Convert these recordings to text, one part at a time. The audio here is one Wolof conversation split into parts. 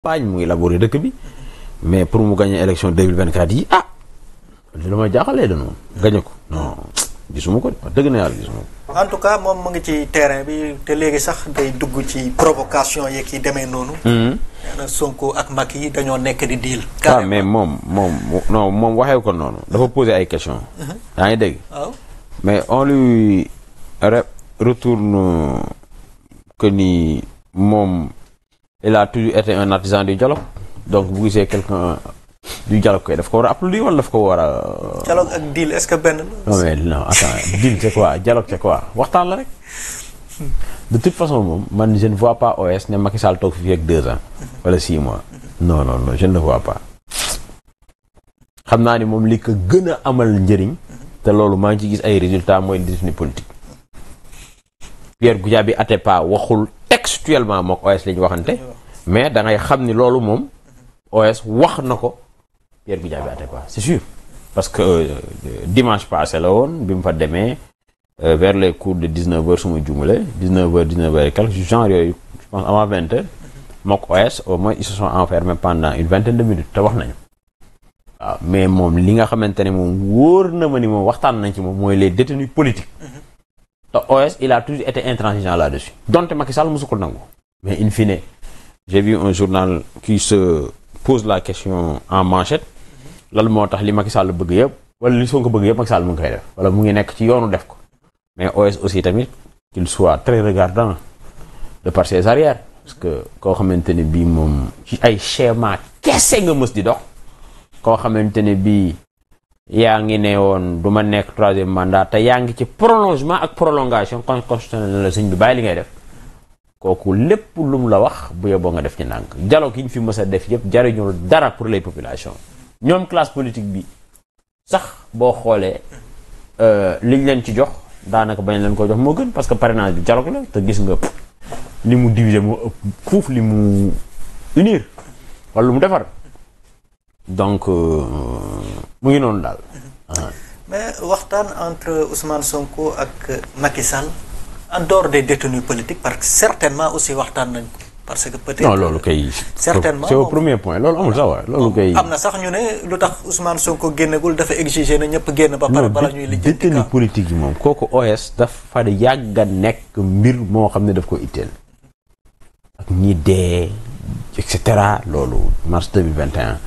campagne mu ngi labouré dëkk bi mais pour mu gagné élection 2024 yi ah lu ma jaaxalee de noonu gagné ko non gisuma ko de wax dëgg na yàlla gisuma ko. en moom mu ngi ci terrain bi te léegi sax day dugg ci provocation yeeg ki demee noonu. Hmm. nee ak Macky yi dañoo nekk di diil. Ah, carrément moom moom non moom waxee ko noonu dafa poser ay questions. Uh-huh. yaa ngi dégg. mais on lui retourne que ni moom. il a toujours été un artisan du dialogue donc bu gisee quelqu'un du dialogue koy daf ko war a applaudir wala daf ko war a. Euh, ak deal est-ce que benn. non mais non attends deal c'est quoi waxtaan la rek. de toute façon moom man je ne pas OS ne Macky toog fii ak deux ans. wala six moi no non non je ne le pas. xam naa ni moom li ko gën a amal njëriñ. te loolu maa ngi ci gis ay résultat mooy discipline politique. Pierre Goudiaby Atepa waxul textuellement mook OS la mais dangay xam ni loolu moom OS wax na ko Pierre Goudiaby Atepa c'est sûr parce que euh, dimanche passé la woon bi mu fa demee euh, vers les cours de 19h su ma jumale 19h 19h et quelques genre yooyu je pense avant 20h mook OS au moins ils se sont enfermés pendant une vingtaine de minutes te wax nañu waaw mais moom li nga xamante ne moom wóor na ma ni moom waxtaan nañ ci moom mooy les détenus politique mm-hmm. te OS il a toujours été intransigeant là-dessus donte Macky Sall mosu ko nangu mais in fine j'ai un journal qui se pose la question en manchette lan moo tax li Macky Sall bëgg yëpp wala li Sonko bëgg yëpp Macky Sall mu ngi koy def wala mu ngi nekk ci yoonu def ko mais OS aussi tamit qu'il soit très regardant de par ses arrières parce que koo xamante ne bii moom ci ay schéma kese nga mës di dox koo xamante ne bii yaa ngi ne woon du ma nekk troisième mandat te yaa ngi ci prolongement ak prolongation constitutionnelle la sëñ bi bàyyi li ngay def kooku lépp lu mu la wax bu yeboo nga def ci ndànk dialogue yi ñu fi mës a def yëpp jariñul dara pour les populations ñoom classe politique bi sax boo xoolee euh, liñ leen ci jox daanaka bañ leen ko jox moo gën parce que parrainage bi dialogue la te gis nga li mu diviser moo ëpp fuuf li mu unir wala lu mu defar donc euh, mu ngi noonu daal. mais waxtaan entre Ousmane Sonko ak Macky en dehors des détenus politiques parce que certainement aussi waxtaan nañ parce que peut-être non loolu kay. certainement au premier point loolu amul sax waaye loolu kay. am na sax ñu ne lu tax Ousmane Sonko génnegul dafa exiger na ñëpp génn ba pare bala ñuy lijjanti détenu politique yi moom kooku OS dafa yàgg a nekk mbir moo xam ne daf ko itteel. ak ñi dee et loolu mars 2021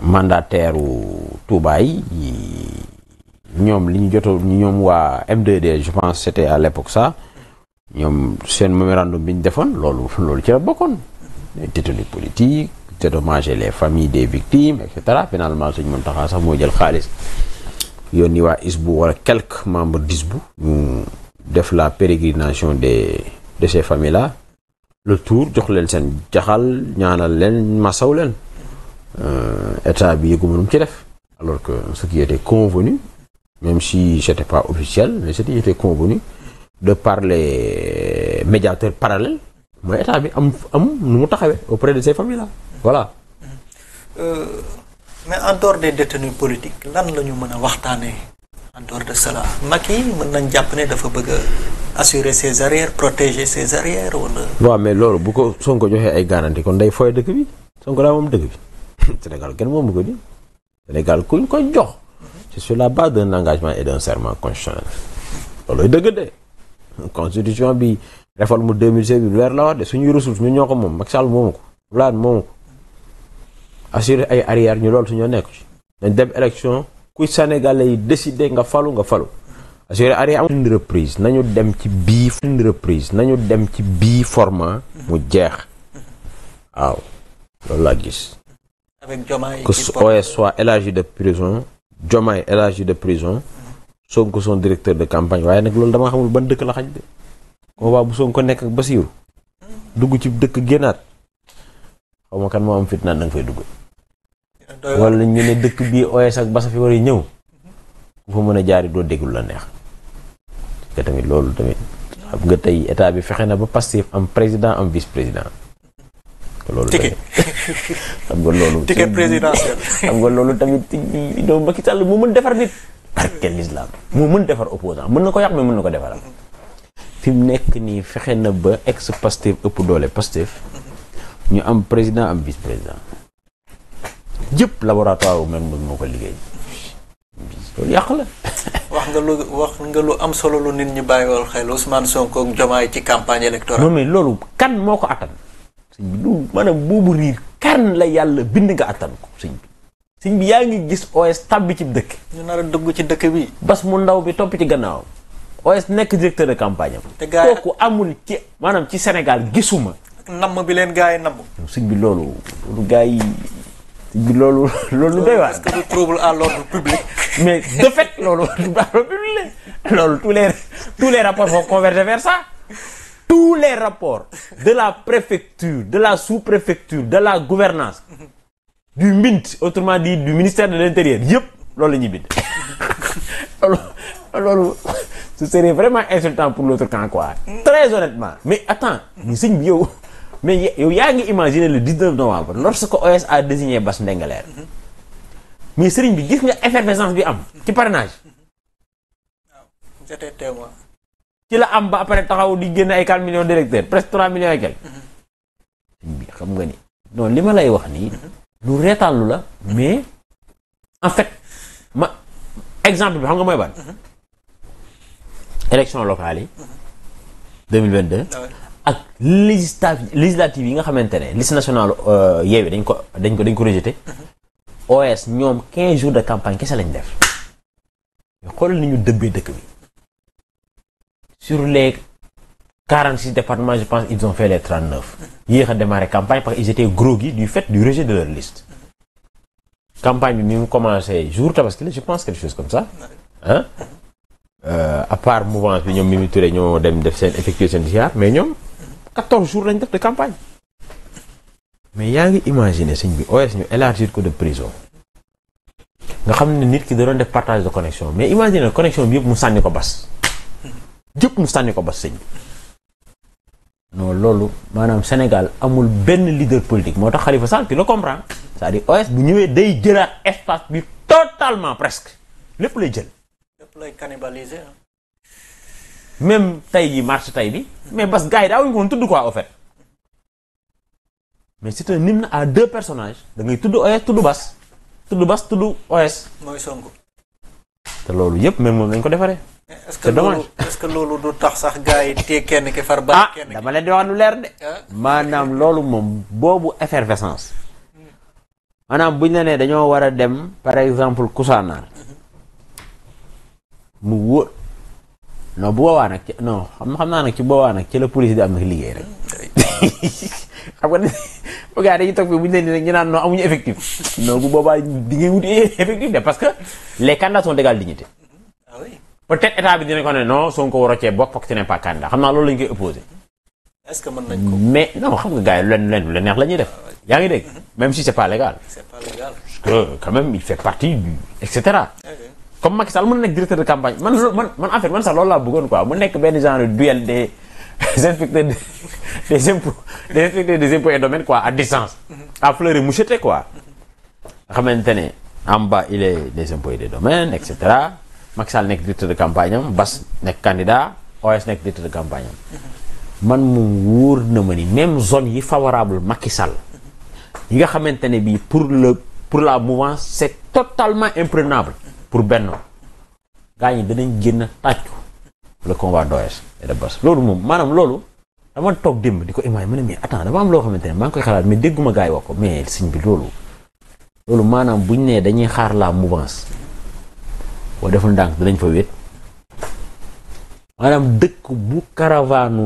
mandataire u Touba yi. ñoom li ñu joto ñoom waa m 2 je pense c'était à l'époque ça ñoom seen mémorandum bi ñu defoon loolu loolu ci la bokkoon tétali politique dédommager les famille des victimes et cetera finalement suñ mën taxaa sax moo jël xaalis yónni waa ISBU wala quelques membre d'ISBU ñu def la pérégrination des de ces familles là le tour jox leen seen jaxal ñaanal leen masaw leen euh, état bi yëgu mënum ci def alors que ce qui était même si c'était pas officiel mais c'était était convenu de parler médiateur parallèle mooy état bi am am nu mu taxawee auprès de ces familles là voilà. Euh, mais en dehors des détenus politiques lan la ñu mën a waxtaanee entore dehors de cela Macky mën nañ jàpp ne dafa bëgg a assurer ses arrières protéger ses arrières wala. waaw mais loolu bu ko Sonko joxee ay garantie kon day fooy dëkk bi Sonko daa moom dëkk bi Sénégal kenn moomu ko ni Sénégal kuñ ko jox. c'est sur la base de engagement et d'un serment constitutionnel dëgg de constitution bi réforme 2007 bi leer la wax suñuy ressources ñu ñoo ko moom Macky Sall moomu ko Wade moomu ko assurer ay arrière ñu loolu suñoo nekku ci dañ dem élection kuy Sénégalais yi décider nga falu nga falu assurer arrière amul une reprise nañu dem ci bii une nañu dem ci bii format mu jeex waaw loolu laa gis que OS soit élargi de prison jomaay El de prison soo ko son directeur de campagne waaye nag loolu dama xamul ban dëkk la xaj de boobaa bu ko nekk ak Basiiru dugg ci dëkk génnaat xaw ma kan moo am fitnaan da nga fay dugg wala ñu ne dëkk bii OS ak basa fi war a ñëw ku fa mën a jaari doo déggul la neex te tamit loolu tamit xam nga tey état bi fexe na ba Pastef am président am vice président loolu xam nga loolu. ticket présidentiel. xam nga loolu tamit doomu Macky Sall moo mën defar nit. barke l'islam moo mën defar opposant mën na ko yàq mais mën na ko defaral. fi mu nekk nii fexe na ba ex Pastef ëpp doole Pastef. ñu am président am vice président. jëpp laboratoire wu même moo ko liggéey. loolu yàq la. wax nga lu wax nga lu am solo lu nit ñi bàyyiwal xel Ousmane Sonko ak Diomaye ci campagne électorale. non mais loolu kan moo ko attan. maanaam boobu riir. kan la yàlla bind nga attan ko sëñ bi sëñ bi yaa ngi gis OS tàbbi ci dëkk. ñu nar a ci dëkk bi. bas mu ndaw bi topp ci gannaaw OS nekk directeur de campagne am. te gaa kooku amul ci maanaam ci Sénégal gisuma. nam bi leen gaa yi namm. sëñ bi loolu lu gaa yi bi loolu loolu doy waar. est-ce que loolu du trouble à l'ordre public loolu tous les rapports de la préfecture de la sous-préfecture de la gouvernance du MINT autrement dit du ministère de l'intérieur yëpp loolu la ñuy bind loolu ce serait vraiment insultant pour l'autre camp quoi très honnêtement mais attends ñu sëñ bi yow mais yow yaa ngi imaginer le 19 novembre lorsque OS a désigné Bass Ndongo mais sëriñ bi gis nga effervescence bi am ci parrainage ci la am ba après taxaw di génne ay 4 millions d'électeurs presque 3 millions et quelques. bi xam nga ni non li ma lay wax nii. lu reetaanlu la mais ma exemple bi xam nga mooy ban. élection locale yi. 2022. Ah ak législative législative yi nga xamante ne liste nationale euh, yeewee dañ ko dañ ko dañ ko rejeté. OS ñoom 15 jours de campagne kese lañ def. xool ni ñu dëbbee dëkk bi. sur les 46 départements je pense ils ont fait les 39. yéex a démarré campagne parce qu'ils étaient groggy du fait du rejet de leur liste. campagne bi mu commencé jour tabaski la je pense quelque chose comme ça ah. Euh, à part bi ñoom Mimi Touré ñoo dem def seen effectuer seen ziar mais ñoom 14 jour lañ def de campagne. mais yaa ngi imaginer sëñ bi OS ñu élargir ko de prison nga xam ne nit ki da doon def partage de connexion mais imaginer mu sànni ko bas. jëpp mu sànni ko ba sëñ bi non loolu maanaam Sénégal amul benn leader politique moo tax Khalifa Sall tu le comprends c'est-à-dire OS bu ñëwee day jëlaat espace bi totalement presque lépp lay jël. lépp lay cannibaliser même tey jii marche tey bi mais bas gars yi daawuñu ko woon tudd quoi au fait mais c'est un hymne à de personnages da tudd OS tudd bas tudd bas tudd OS. mooy te loolu yëpp même moom lañ ko defaree. est-ce que loolu est que loolu du tax sax gaa yi téye kenn ki far ba ah, kenn dama leen di wax lu leer de. Ah. maanaam loolu moom boobu effervescence maanaam buñ la nee dañoo war a dem par exemple Kousanaar mu wóor non bu boobaa nag ci non xam xam naa nag ci boobaa nag ci la police di am nag liggéey rek hmm. xam nga ne bu gars dañuy toog bu ñu leen ñu naan non amuñu effectif non bu boobaa di ngay wuti effectif de parce que les candidats sont d'égale dignité. Ah peut-être état bi dina ko ne non Sonko war a cee bokk fokk ci n'est pas candidat xam naa loolu lañ koy opposé. que mën nañ ko. mais non xam nga gars yi leen leen lu neex la def. yaa ngi dégg mhm. même si c'est pas légal. c'est pas légal. parce que quand même il fait partie du et cetera. comme Macky Sall mën na nekk directeur de campagne man man man en man sa lool laa bëggoon quoi mu nekk benn genre duel des inspecteurs des impôts des inspecteurs des impôts et domaines quoi à distance. Mhm. à fleur et moucheté quoi. xamante ne en bas il des impôts et des domaines et cetera. Macky Sall nekk directeur de campagne am Bas nekk candidat OS nekk directeur de campagne am man moom wóor na ma ni même zone yi favorable Macky Sall yi nga xamante ne bii pour le pour la mouvance c'est totalement imprenable pour Benno gaa ñi danañ génn tàccu le combat d'OS et de Bas loolu moom maanaam loolu dama toog démb di ko imaay ma ne mais attends loo xamante ne maa ngi koy xalaat mais dégguma gaa yi wax ko mais sëñ bi loolu loolu maanaam buñ nee dañuy xaar la mouvance boo deful ndànk dinañ fa wéet maanaam dëkk bu karavaanu